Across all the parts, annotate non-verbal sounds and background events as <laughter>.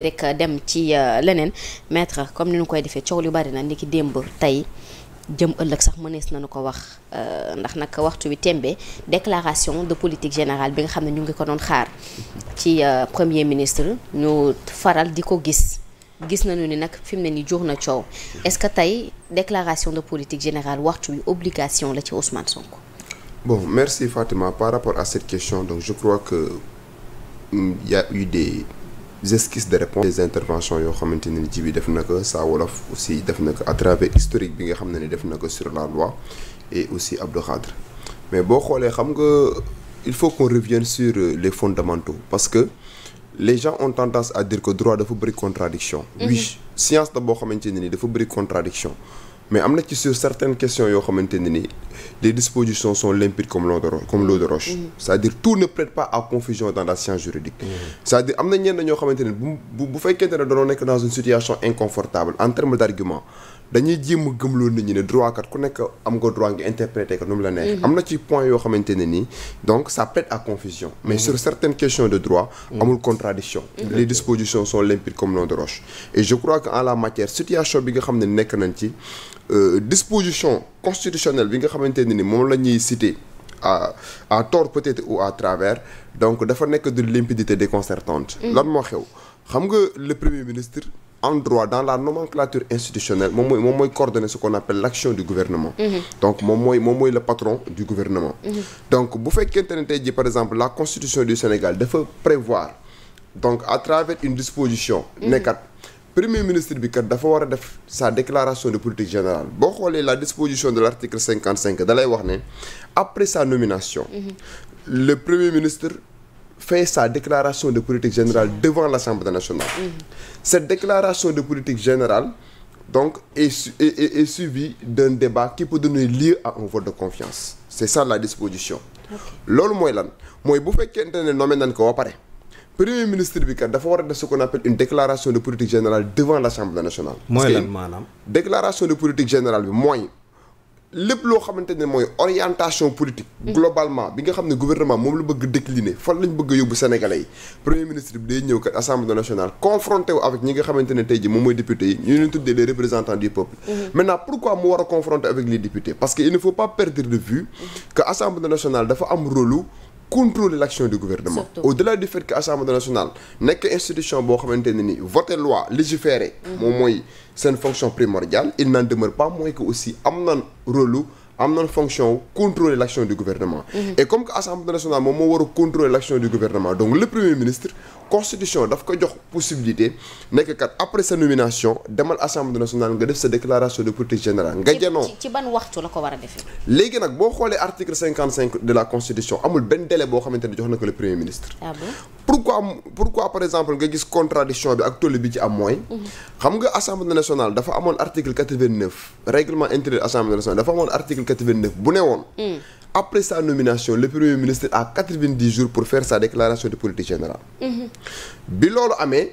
dem ci euh, leneen maître comme ni ñu koy defee coow li bari na niki démb tey jëm ëllëg sax mënees nañu ko wax euh, ndax nag waxtu wi tembe déclaration de politique générale bi nga xam ne ñu ngi ko doon xaar ci euh, premier ministre ñu faral di ko gis gis nañu ni nag fi mu ne ni jur na coow est-ce que tey déclaration de politique générale waxtu wi obligation la ci Ousmane Sonko. bon merci Fatima esquisses de réponse des interventions yoo xamante ni ji bi def na ko Saa Wolof aussi def na ko à travers historique bi nga xam ne ni def na ko sur la loi et aussi Abdou Khadre mais boo xoolee xam nga il faut qu'on revienne sur euh, les fondamentaux parce que les gens ont tendance à dire que droit dafa bëri contradiction mm-hmm. oui science la boo xamante ne nii dafa bëri contradiction mais am na ci sur certaines questions yoo xamante ne ni les dispositions sont limpides comme l'eau de roche comme l'eau de roche mm-hmm. c'est-à-dire tout ne prête pas confusion dans la science juridique mm-hmm. cest dire am na ñenn ñoo xamante ne bu bu fekkente ne danoo nekk dans une situation inconfortable en termes d'argument dañuy jéem a gëmloo nit ñi ne droit kat ku nekk am nga droit nga interpréter ko nu mu la neexee. Mhm. am na ci point yoo xamante ne nii donc ça prête à confusion. mais mmh. sur certaines questions de droit. Mhm. amul mmh. contradiction mhm. les dispositions sont limpides comme l'eau de roche. et je crois que en la matière situation bi nga xam ne nekk nañ ci euh, disposition constitutionnelle bi nga xamante ne ni moom la ñuy citer à à tort peut-être ou à travers donc dafa nekk de limpidité déconcertante. lan moo xew xam nga le premier ministre. en droit dans la nomenclature institutionnelle moom mooy moom mooy coordonner ce qu'on appelle l'action du gouvernement mm -hmm. donc moom mooy moom mooy le patron du gouvernement mm -hmm. donc bu fekkente ne tey ji par exemple la constitution du Sénégal dafa prévoir donc à travers une disposition mm-hmm. nekkat premier ministre bi kat dafa war a def sa déclaration de politique générale boo xoolee la disposition de l'article cinquante cinq da lay wax ne après sa nomination mm -hmm. le premier ministre fait sa déclaration de politique générale devant l'Assemblée nationale. Mmh. Cette déclaration de politique générale donc est, est, est, est suivie d'un débat qui peut donner lieu à un de confiance. C'est ça la disposition. loolu mooy lan mooy bu fekkente ne nommé nañ ko ba pare premier ministre bi kat dafa war a def ce qu'on appelle une déclaration de politique générale devant l'Assemblée nationale. mooy lan maanaam déclaration de politique générale bi mooy. lépp loo xamante ne mooy orientation politique. Mm-hmm. globalement bi nga xam ne gouvernement moom la bëgg décliner fan lañ bëgg a yóbbu sénégalais yi premier ministre bi day ñëw kat assemblée nationale confronté wu avec ñi nga xamante ne tey ji moom mooy député yi ñu leen tuddee les représentants du peuple. Mm-hmm. maintenant pourquoi mu war a confronter avec les députés parce que il faut pas perdre de vue mm-hmm. que assemblée nationale dafa am rôle contrôler l'action du gouvernement au-delà du fait que assemblée nationale nekk institution boo xamante ni voter loi légiférer moom mooy seen fonction primordiale il n'en demeure pas moins que aussi am nan rôle am nañ fonction wu contrôler du gouvernement. Mhm. et comme que assemblée nationale moom moo war a contrôler du gouvernement donc le premier ministre constitution daf ko jox possibilité nekk kat après sa nomination demal assemblée nationale nga def sa déclaration de politique générale. nga janoo ci waxtu la ko war a defee. léegi nag boo xoolee article cinquante cinq de la constitution amul benn délai boo xamante ne jox na ko le premier ministre. Ah pourquoi par exemple nga gis contradiction bi ak tollu bi ci am mooy. Mhm. xam nga assemblée nationale dafa amoon article quatre vingt neuf règlement intérieur assemblée nationale après sa nomination le premier ministre a 90 jours pour faire sa déclaration de politique générale. Mm-hmm. bi loolu amee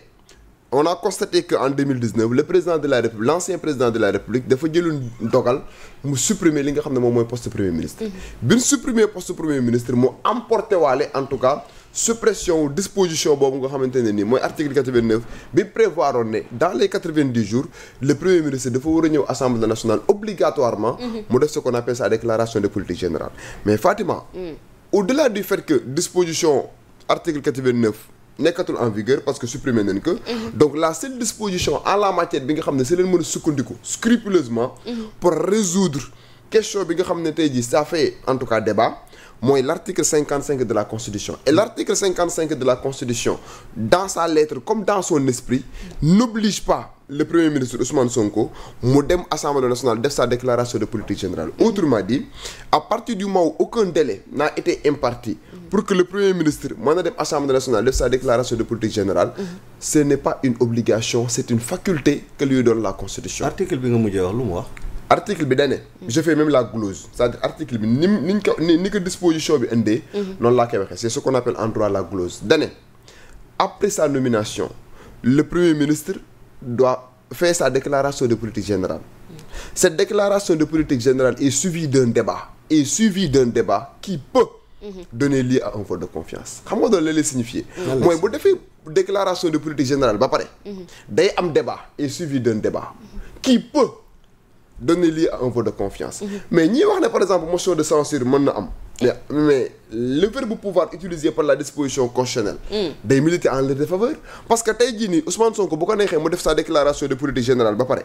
on a constaté que en 2019 le président de la république l'ancien président de la république dafa jëloon dogal mu supprimer li nga xam ne moom mooy poste premier ministre. Mm-hmm. bi mu supprimer poste premier ministre mu emporté waale en tout cas. suppression disposition boobu nga xamante ne nii mooy article 89 bi prévoir oon ne dans les 90 jours le premier ministre dafa war a ñëw assemblée nationale obligatoirement. Mhm. mu def ce qu'on appelle sa déclaration de politique générale. mais Fatima. Mm. au-delà du fait que disposition article 89 nekkatul en vigueur parce que supprimer nañ ko. Mhm. donc la seule disposition en la matière bi nga xam ne si leen mën a sukkandiku mhm. ne tey jii ça tout mooy l' article cinq de la constitution et l' article cinquante cinq de la constitution dans sa lettre comme dans son esprit n'oblige pas le premier ministre Ousmane Sonko mu dem assemblée nationale def sa déclaration de politique générale autrement dit à partir du moment aucun délai n'a été imparti pour que le premier ministre mën a dem assemblée nationale def sa déclaration de politique générale ce n'est pas une obligation c'est une faculté que lui donne la constitution bi nga lu mu wax article bi dane je fais même la glose c'est-à-dire article bi ni niñ ko ni ko disposition bi indee mhm. noonu laa koy waxee c'est ce qu'on appelle en droit la glose dane après sa nomination le premier ministre doit faire sa déclaration de politique général mhm. cette déclaration de politique général est suivie d'un débat est suivie d'un débat qui peut mhm. donner lieu à un vote de confiance xam nga doon la lay signifier mooy bu defee déclaration de politique générale ba pare day am débat est suivi d'un donner lieu à un vote de confiance. Mmh. mais ñiy wax ne par exemple motion de censure mën na am. mais le verbe pouvoir utilisé par la disposition constitutionnelle. Mm. day militer en leur défaveur. parce que tey jii nii Ousmane Sonko bu ko neexee mu def sa déclaration de politique générale ba pare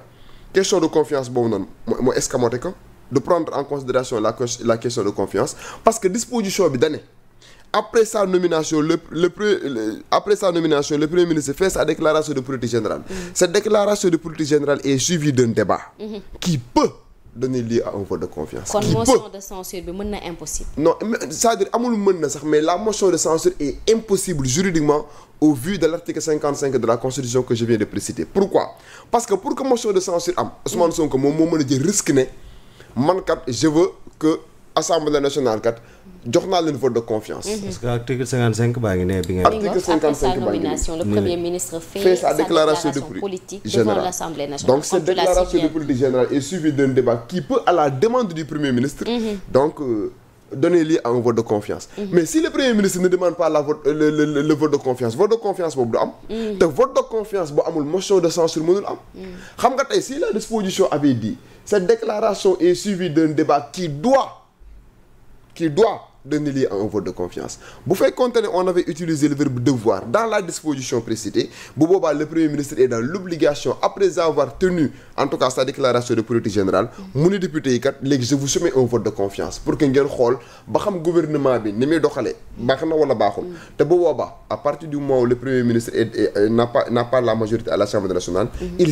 question de confiance boobu noonu moo escamoté ko de prendre en considération la question de confiance parce que disposition bi da après sa nomination le le, le après sa nomination le premier ministre fait sa déclaration de politique générale. Mmh. déclaration de politique générale est suivie d'un débat. Mm-hmm. qui peut donner lieu à un vote de confiance. kon motion de censure bi mën na impossible. non mais c'est-à-dire amul mën na sax mais la motion de censure est impossible juridiquement au vu de l'article de la constitution que je viens de préciter pourquoi parce que pour que motion de censure am. Ousmane mm-hmm. Sonko moom moo mën a jël risque jox naa leen vote de confiance. parce que article 55 baa ngi ne bi nga. article 55 baa ngi ne le premier ministre fait sa déclaration de politique générale donc cette déclaration de politique générale est suivie d'un débat qui peut à la du premier ministre. Mm-hmm. donc euh, donner lieu à vote de confiance. Mm-hmm. mais si le premier ministre ne demande pas la vote euh, le le le de confiance vote de confiance boobu du am. Mm-hmm. te vote de confiance bu amul motion de censure mënul am. xam nga tey si la disposition avait dit cette déclaration est suivie d'un débat d'un élu à vote de confiance bu fekkoonte ne on avait utilisé le verbe devoir dans la disposition précitée bu boobaa le premier ministre est dans l'obligation après avoir tenu en tout cas sa déclaration de politique générale mu ne député yi kat léegi je vous soumets un vote de confiance pour que ngeen xool ba xam gouvernement bi ni muy doxalee baax na wala baaxul te bu booba à partir du moment où le premier ministre est n'a pas n'a la majorité à l'Assemblée nationale mhm.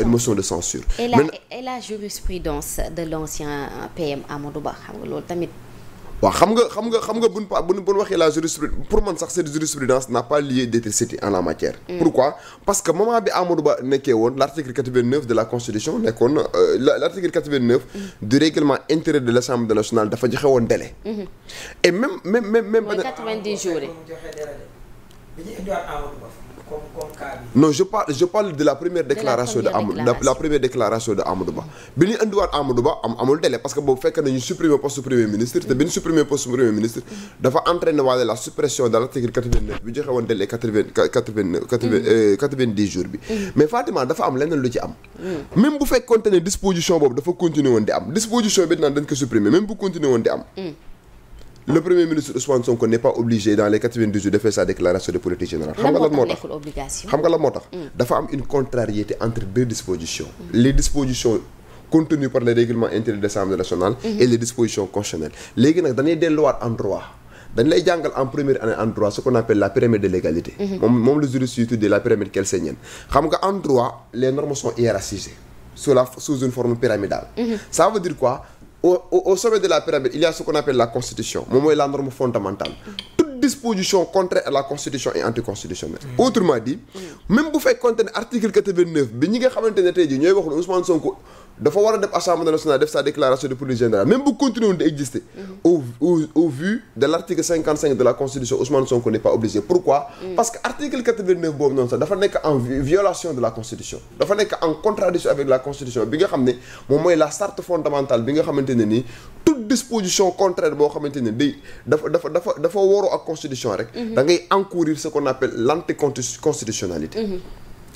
une motion de censure et la, jurisprudence de l'ancien PM Amadou Ba xam nga loolu tamit waaw xam nga xam nga xam nga buñ pa buñ buñ waxee la jurisprudence pour man sax cette jurisprudence n'a pas lieu d'être citée en la matière mm. pourquoi parce que moment bi Amadou Ba nekkee woon l'article 89 de la constitution nekkoon euh, l'article 89 mm. du règlement intérieur de l'Assemblée nationale dafa joxe woon délai mm-hmm. et même même même dañuy indiwaat je parle je parle de la première déclaration de Amadou la première déclaration de Amadou Ba bi ñuy indiwaat Amadou Ba am amul délai parce que boobu fekk nañu supprimer poste premier ministre te bi ñu supprimer poste premier ministre dafa entraîné waale la suppression de l'article 89 bi joxe woon délai 80 80 90 jours bi mm. mais Fatima dafa am leneen lu ci am mm. même bu fekkoonte ne disposition boobu dafa continuer le premier ministre Ousmane Sonko n'est pas obligé dans les 92 jours de faire sa déclaration de politique générale. xam nga lan moo tax xam nga lan moo tax. Hmm. dafa am une contrariété entre deux dispositions. les dispositions contenues par le règlement intérieur de l'Assemblée nationale. Hmm. et les dispositions constitutionnelles. léegi nag dañuy delluwaat en droit. dañ lay jàngal en première année en droit ce qu'on la pyramide de l'égalité hmm. moom moom au au sommet de la pyramide il y a ce la constitution moom mooy la norme fondamentale toute disposition contraire la constitution est anticonstitutionnelle mm. autrement dit mm. même bu fekkoonte ne article 89 bi ñi nga xamante ne tey ñooy wax ne Ousmane dafa war a dem assemblée nationale def sa déclaration de politique générale même bu continuer woon di exister mhm. au au au vu de l' article cinquante cinq de la constitution Ousmane Sonko n'est pas obligé pourquoi mhm. parce que article quatre vingt neuf boobu noonu sax dafa nekk en violation de la constitution dafa nekk en contradiction avec la constitution bi nga xam ne moom mooy la charte fondamentale bi nga xamante ne nii toute disposition contraire boo xamante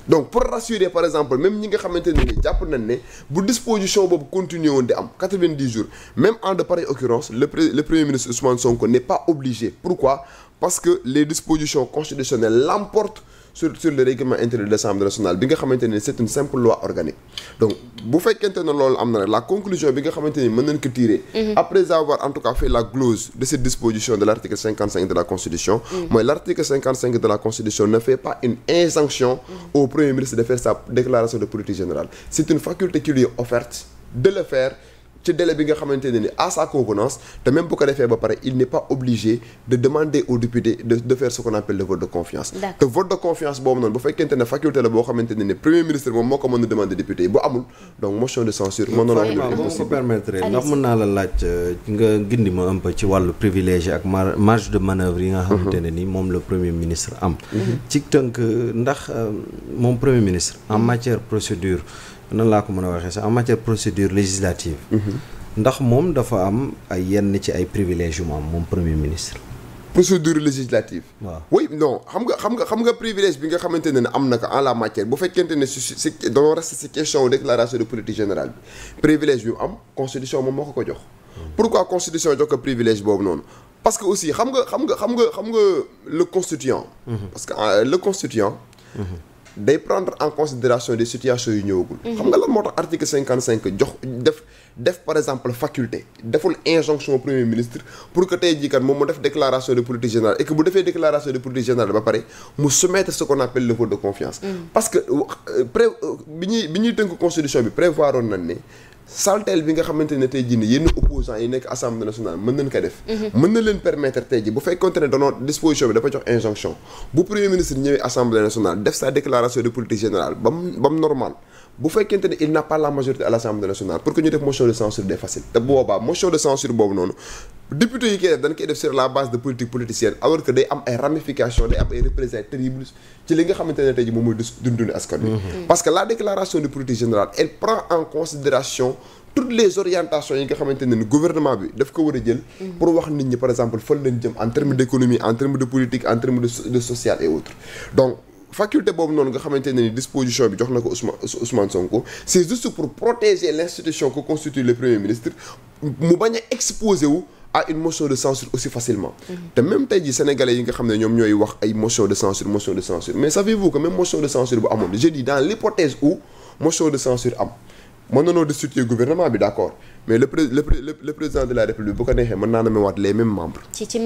donc pour rassurer par exemple même ñi nga xamante ne ni jàpp nañ ne bu disposition boobu continuer woon di am 90 jours même en de pareille occurrence le le premier ministre Ousmane Sonko n'est pas obligé pourquoi parce que les dispositions constitutionnelles l'emportent sur sur le règlement intérieur de l'Assemblée nationale bi nga xamante ne c'est une simple loi organique donc bu fekkente ne loolu am na rek la conclusion bi nga xamante ni mën nañ ko tirer mhm. après avoir en tout cas fait la glose de cette disposition de l'article de la constitution mhm. mooy l'article 55 de la constitution ne fait pas une injonction mhm. au premier ministre de faire sa déclaration de politique générale c'est une faculté qui lui ci délai bi nga xamante ne ni à sa convenance te même bu ko defee ba pare il n'est pas obligé de demander au député de de faire ce qu'on appelle le vote de confiance te vote de confiance boobu noonu bu fekkente ne faculté la boo xamante ne ni premier ministre moom moo ko mën a demander député yi bu amul donc motion de censure mën noona ko permettre ndax mën naa la laaj euh, nga gindi ma un peu ci wàllu privilège ak marge de manœuvre yi nga xamante ne ni moom le premier ministre am mhm. ndax euh, moom premier ministre en mhm. matière procédure nan laa ko mën a waxee sax en matière procédure législative. Mhm. ndax moom dafa am ay yenn ci ay privilèges yu mu am moom premier ministre. procédure législative. waaw oui non xam nga xam nga xam nga privilège bi nga xamante ne ne am na ko en la matière bu fekkente ne si si dañoo reste si question déclaration de politique générale bi privilège bi am constitution moom moo ko ko jox. Hmm. pourquoi constitution jox ko privilège boobu noonu. parce que aussi xam nga xam nga xam nga xam nga le constituant. Hmm. parce que euh, le constituant. Hmm. day prendre en considération des situations yu ñëwagul. Mhm. xam nga lan moo tax article cinquante cinq jox def def par exemple faculté deful injonction premier ministre pour que tey jii kat moom mu def déclaration de politique générale et que bu defee déclaration de politique générale ba pare mu soumettre ce confiance. Mhm. parce que euh, pré euh, bi ñuy bi ñuy tënk constitution bi prévoiroon nañ ne. salteel bi nga xamante ne tey jii yenn opposants yi nekk assemblée nationale mën nañ ko def. Mhm. mën na leen permettre tey jii bu fekkonte ne danoo disposition bi dafa jox injonction bu premier ministre ñëwee assemblée nationale def sa déclaration de politique générale ba mu ba mu normal. bu fekkente ne il n'a la majorité à l'Assemblée nationale pour que ñu def motion de censure des facile te boobaa motion de censure boobu noonu député yi koy def dañ koy def sur la base de politique politicienne alors que day am ay ramifications day am ay représailles terribles ci li nga xamante ne tey ji moom mooy dundunu askan wi mm-hmm. parce que la déclaration de politique générale elle prend en considération toutes les orientations yi nga xamante ne ni gouvernement bi daf ko war a jël mm-hmm. pour wax nit ñi par exemple fan lañ jëm en termes d'économie en termes de politique en termes de de et autres donc faculté boobu noonu nga xamante ne ni disposition bi jox na ko Ousmane Ousmane Sonko c'est juste wu ah une motion de censure aussi facilement te même tey jii sénégalais yi nga xam ne ñoom ñooy wax ay motion de censure motion de censure mais savez-vous que même motion de censure bu amoon je dans l'hypothèse où motion de censure am mën nanoo destituer gouvernement bi d'accord mais le président de la république bu ko neexee mën naa nommewaat les mêmes membres. ci ci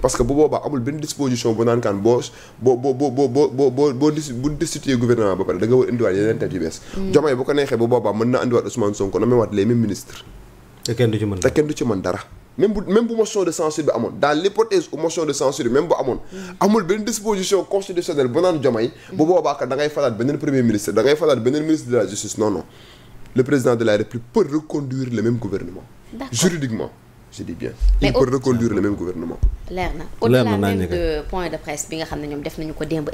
parce que bu boobaa amul benn disposition bu naan boo boo boo boo boo boo boo boo bu même bu même bu motion de censure bi amoon dans l'hypothèse où motion de censure bi même bu amoon amul benn disposition constitutionnelle ba naan Diomaye bu boobaa kat falaat beneen premier ministre da falaat beneen ministre de la justice non non le président de la République peut reconduire le même gouvernement juridiquement je dis reconduire le même gouvernement leer na au-delà même de point de presse bi nga xam ne ñoom def nañu ko démb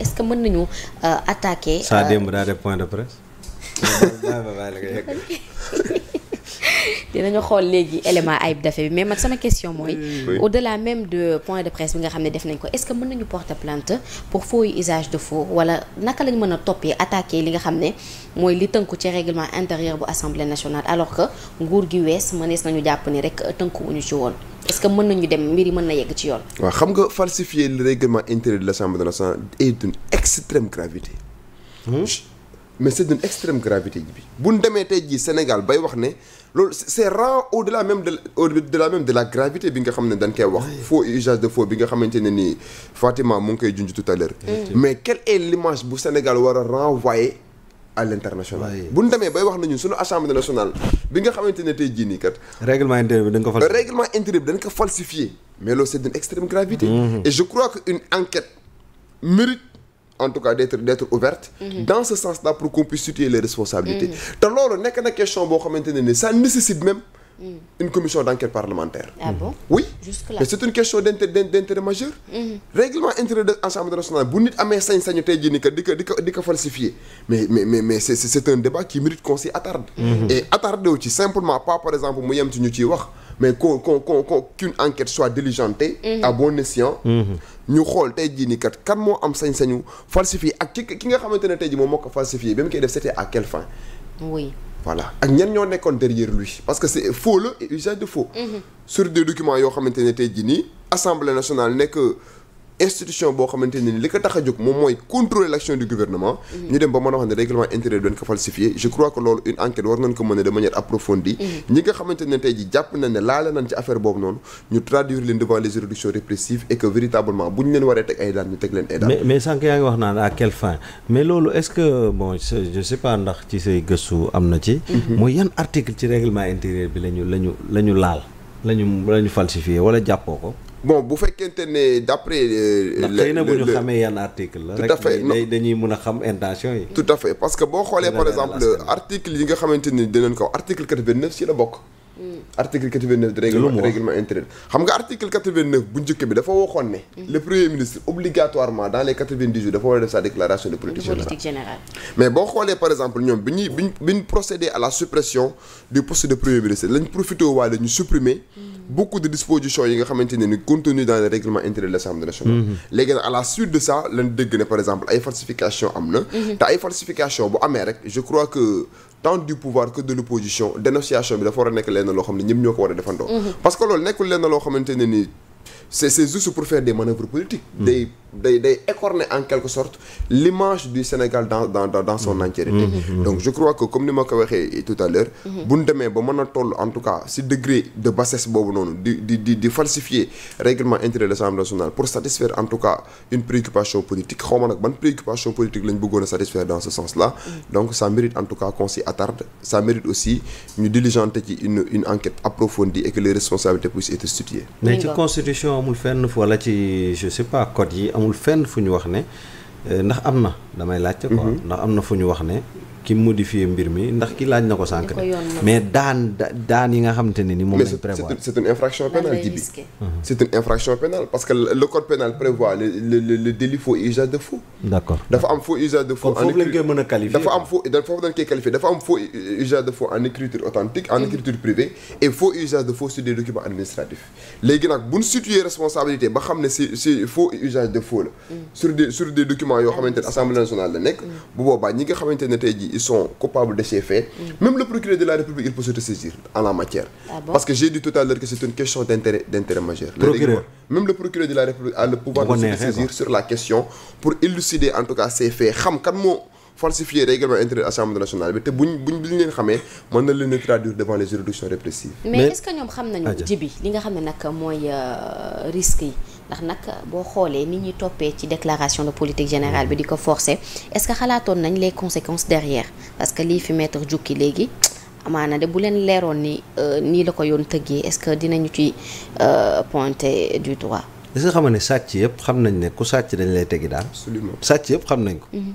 dinañu xool léegi élément ayib dafe bi mais man sama question mooy. au delà même de point de presse bi nga xam ne def nañ ko est ce que mën nañu porter plainte pour faux usage de faux wala naka lañ mën a toppee attaquer li nga xam ne mooy li tënku ci règlement intérieur bu assemblée nationale alors que nguur gi wees mënees nañu jàpp ni rek tënku wuñu ci woon. est que mën nañu dem mbir yi mën na yegg ci yoon. waaw xam nga falsifier le règlement intérieur de l'Assemblée nationale est d'une extrême gravité. Mmh. mais c'est d'une extrême gravité bi. bu demee tey jii Sénégal bay wax ne loolu c'est rare au-delà de au-delà même de la gravité bi nga xam ne dañ koy wax faux usage de faux bi nga xamante ne nii Fatima mu ngi koy junj tout à l'heure mais quelle est l'image bu Sénégal war a renvoyer à l'international bu ñu demee bay wax nañu suñu assemblée nationale bi nga xamante ne tey jii nii kat règlement intérieur bi dañ ko falsifié règlement ko falsifié mais loolu c'est d'une extrême gravité mm-hmm. et je crois que une enquête mérite en tout cas d'être d'être ouverte mm -hmm. dans ce sens-là pour qu'on puisse situer les responsabilités mhm. te loolu nekk na question boo xamante ni ça nécessite même mhm. une commission d'enquête parlementaire ah mhm. oui jusque-là une question d'intérêt d'intérêt majeur règlement intérieur de l'Assemblée bu nit amee sañ-sañu tey jii ni di ko di ko di ko falsifier mais mais mais mais c'est débat qui mérite qu'on s'y attarde ci simplement pas par exemple mu yem ci ñu ciy wax mais ko qu'on qu'on qu'on qu'une enquête soit diligentée mhm. à bon mhm. ñu xool tey jii nii kat kan moo am sañ-sañu falsifié ak ki ki nga xamante ne tey jii moom moo ko falsifié ba mu koy def c'était à quelle fin oui ak ñan ñoo nekkoon derrière lui parce que c'est faux la et de faux mhm. sur des documents yoo xamante ne tey jii nii assemblée nationale nekk institution boo xamante ne ni li ko tax a jóg moom mooy contrôler l'action du gouvernement. Mhm. ñu dem ba mën a wax ne règlement intérieur doon ko falsifié je mhm. ne tey ji jàpp nañ ne laale nañ ci affaire boobu noonu ñu traduire leen devant les juridictions répressives et que véritablement bu que bon je sais pas am na ci. Mhm. mooy yan article ci bi la ñu la ñu la ñu laal la ñu la ñu falsifié wala jàppoo ko. bon bu fekkente ne d' après. Euh, ndax xëy na bu ñu xamee yan article la. tout à fait rek dañuy mën a xam intention yi. tout à fait parce que boo xoolee par exemple article yi nga xamante ni dinañ ko article 89 ci la bokk. Mm. article 89 règlement règlement xam nga article bu njëkk bi dafa waxoon ne mm. le premier ministre obligatoirement dans les dafa war a def sa déclaration de politique générale mais boo xoolee par exemple ñoom bi ñuy biñ bi ñu procédé à la suppression de premier ministre lañ profité waale ñu supprimer mm. beaucoup de dispositions yi nga xamante ne ni contenu dans le règlement intérieur de l'Assemblée nationale mm-hmm. léegi nag la suite de ça lañ dégg ne par exemple ay falsification tant du pouvoir que de l'opposition dénonciation bi dafa war a nekk lenn loo xam ne ñëpp ñoo ko war a defandoo mhm. parce que loolu nekkul lenn loo xamante ne nii c'est c'est juste pour faire des manœuvres politiques. day day day écorner en quelque sorte l'image du Sénégal dans dans son hmm. entièreté. Hmm. Hmm. donc je crois que comme ni ma ko waxee tout bu ñu demee ba mën a toll en tout cas si degré de bassesse boobu noonu di di di falsifier règlement intérieur pour satisfaire en tout cas une préoccupation politique xaw nag ban préoccupation politique lañ bëggoon satisfaire dans ce sens-là. donc ça mérite en tout cas amul fenn fu ci je sais pas code yi amul fenn fu ñu wax ne euh, ndax am na damay laajte quoi mhm. ndax am na fu ñu wax ne ki modifié mbir mi ndax ki laaj na ko sànq. mais daan daan yi nga xamante ne ni moom lañ c'est une infraction pénale ji mhm. c'est une infraction pénale parce que le code pénal prévoit le délit faux usage de faux. dafa am faux usage de faux. en écriture authentique en mhm. écriture privée et faux usage de faux sur de faux mhm. yoo xamante assemblée nationale la nekk. boobaa ñi nga xamante ne tey jii ils sont coupables de ces faits. Mmh. Même procureur de la République, il peut se ressaisir en la matière. Ah Parce que j'ai dit tout à l'heure question d'intérêt, d'intérêt majeur. Procureur. Même le procureur de la République a le pouvoir bon de se ressaisir sur la question pour élucider en tout cas ces faits. xam kan moo falsifié règlement intérieur assemblée nationale te buñ buñ buñ leen xamee mën na leen traduire devant les juridictions répressives. mais, est que ndax nag boo xoolee ni ñuy toppee ci déclaration de politique générale bi di ko forcer est-ce que xalaatoon nañ les conséquences derrière parce que lii fi maître jukki léegi amaana de bu leen leeroon ni euh, nii la ko yoon tëggee est-ce que dinañu ci euh, pointer du doigt. est-ce que xam ne sàcc yëpp xam nañ ne ku sàcc dañ lay tegi daal. absolument sàcc yëpp xam nañ ko. Mhm.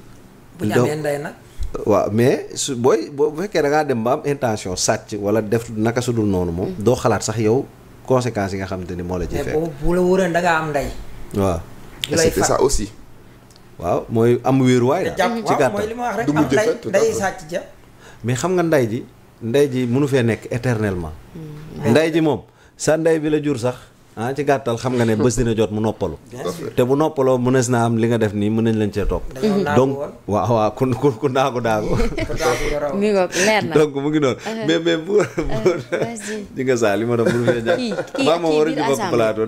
bu ñu waaw mais su booy boo bu fekkee da dem ba intention sàcc wala def naka su dul noonu moom. Mhm. doo xalaat sax yow. conséquences yi nga xamante ni moo la ci fekk. mais bu la wóoree da am ndey. waaw. c'était ça aussi. waaw mooy am wéeruwaay la. ci gàttal mooy li ma wax rek am ndey ndey sàcc ja mais xam nga ndey ji ndey ji mënu fee nekk éternellement. ndey ji moom sa ndey bi la jur sax. ah ci gàttal xam nga ne bés dina jot mu noppalu <laughs> te bu noppaloo mënees naa am li nga def nii mën nañ leen cee topp donc waaw waaw ku ku ku naagu daagu <laughs> <laughs> mi donc mu ngi noonu uh-huh. mais mais pour pour uh-huh. di nga saa li ma doon mënu fee jàpp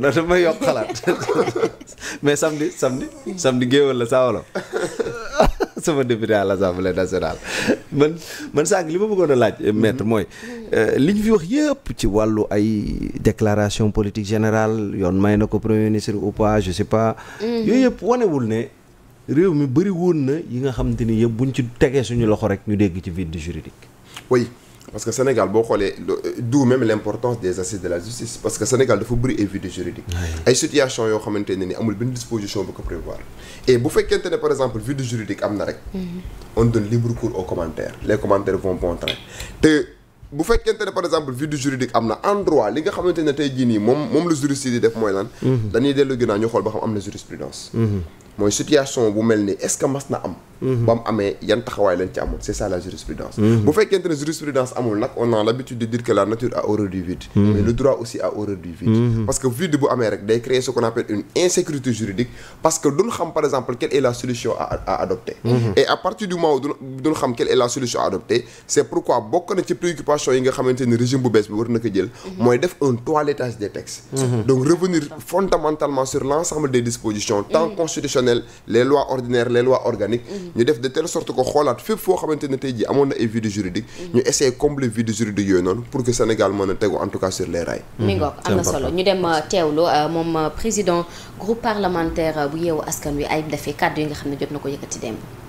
maa ma yokk xalaat mais samedi samedi samedi géewal la saa wolof sama député à l'Assemblée nationale man man sànq li ma bëggoon a laaj mhm. maître mooy euh, li ñu fi wax yëpp ci wàllu ay déclaration politique générale yoon may na ko premier ministre ou pas je pas mhm. yooyu yëpp wanewul ne réew mi bëri woon na yi nga xam te ni yëpp buñ ci tegee suñu loxo rek ñu dégg ci vide juridique oui parce que Sénégal boo xoolee euh, d'où même l'importance des assises de la justice parce que Sénégal dafa bëri ay vide juridique ay situation yoo xamante ni amul benn disposition bu ko prévoir et bu fekkente ne par exemple vide juridique am na rek mhm. on libre cours aux commentaires les commentaires vont bon train te bu fekkente ne par exemple vide juridique am na endroit li nga xamante ne tey jii nii moom la juriste yi def mooy lan mhm. dañuy dellu ginnaaw mooy situation bu mel nii est-ce que mas na am mhm. ba mu amee yan taxawaay ci amoon c'est ça la jurisprudence mhm. bu fekkente ne jurisprudence amul nag on a l'habitude de dire que la nature a horreur du vide mhm. mais le droit aussi a horreur du vide parce que vide bu amee rek day créer ce qu'on appelle une insécurité juridique parce que duñ xam par exemple quelle est la solution à à et à partir du moment où duñ xam quelle est la solution à c'est pourquoi bokk constitutionnelle les lois ordinaires ñu def de telle sorte que xoolaat fépp foo xamante ne tey ji amoon na ay vide juridique ñu essayer combler vide juridique yooyu noonu pour que Sénégal mën tegu en tout cas mi ngoog am ñu dem euh, teewlu euh, moom euh, président groupe parlementaire bu yeewu askan wi Ayib Daffé kàddu yi nga xam ne jot na ko yëkkati démb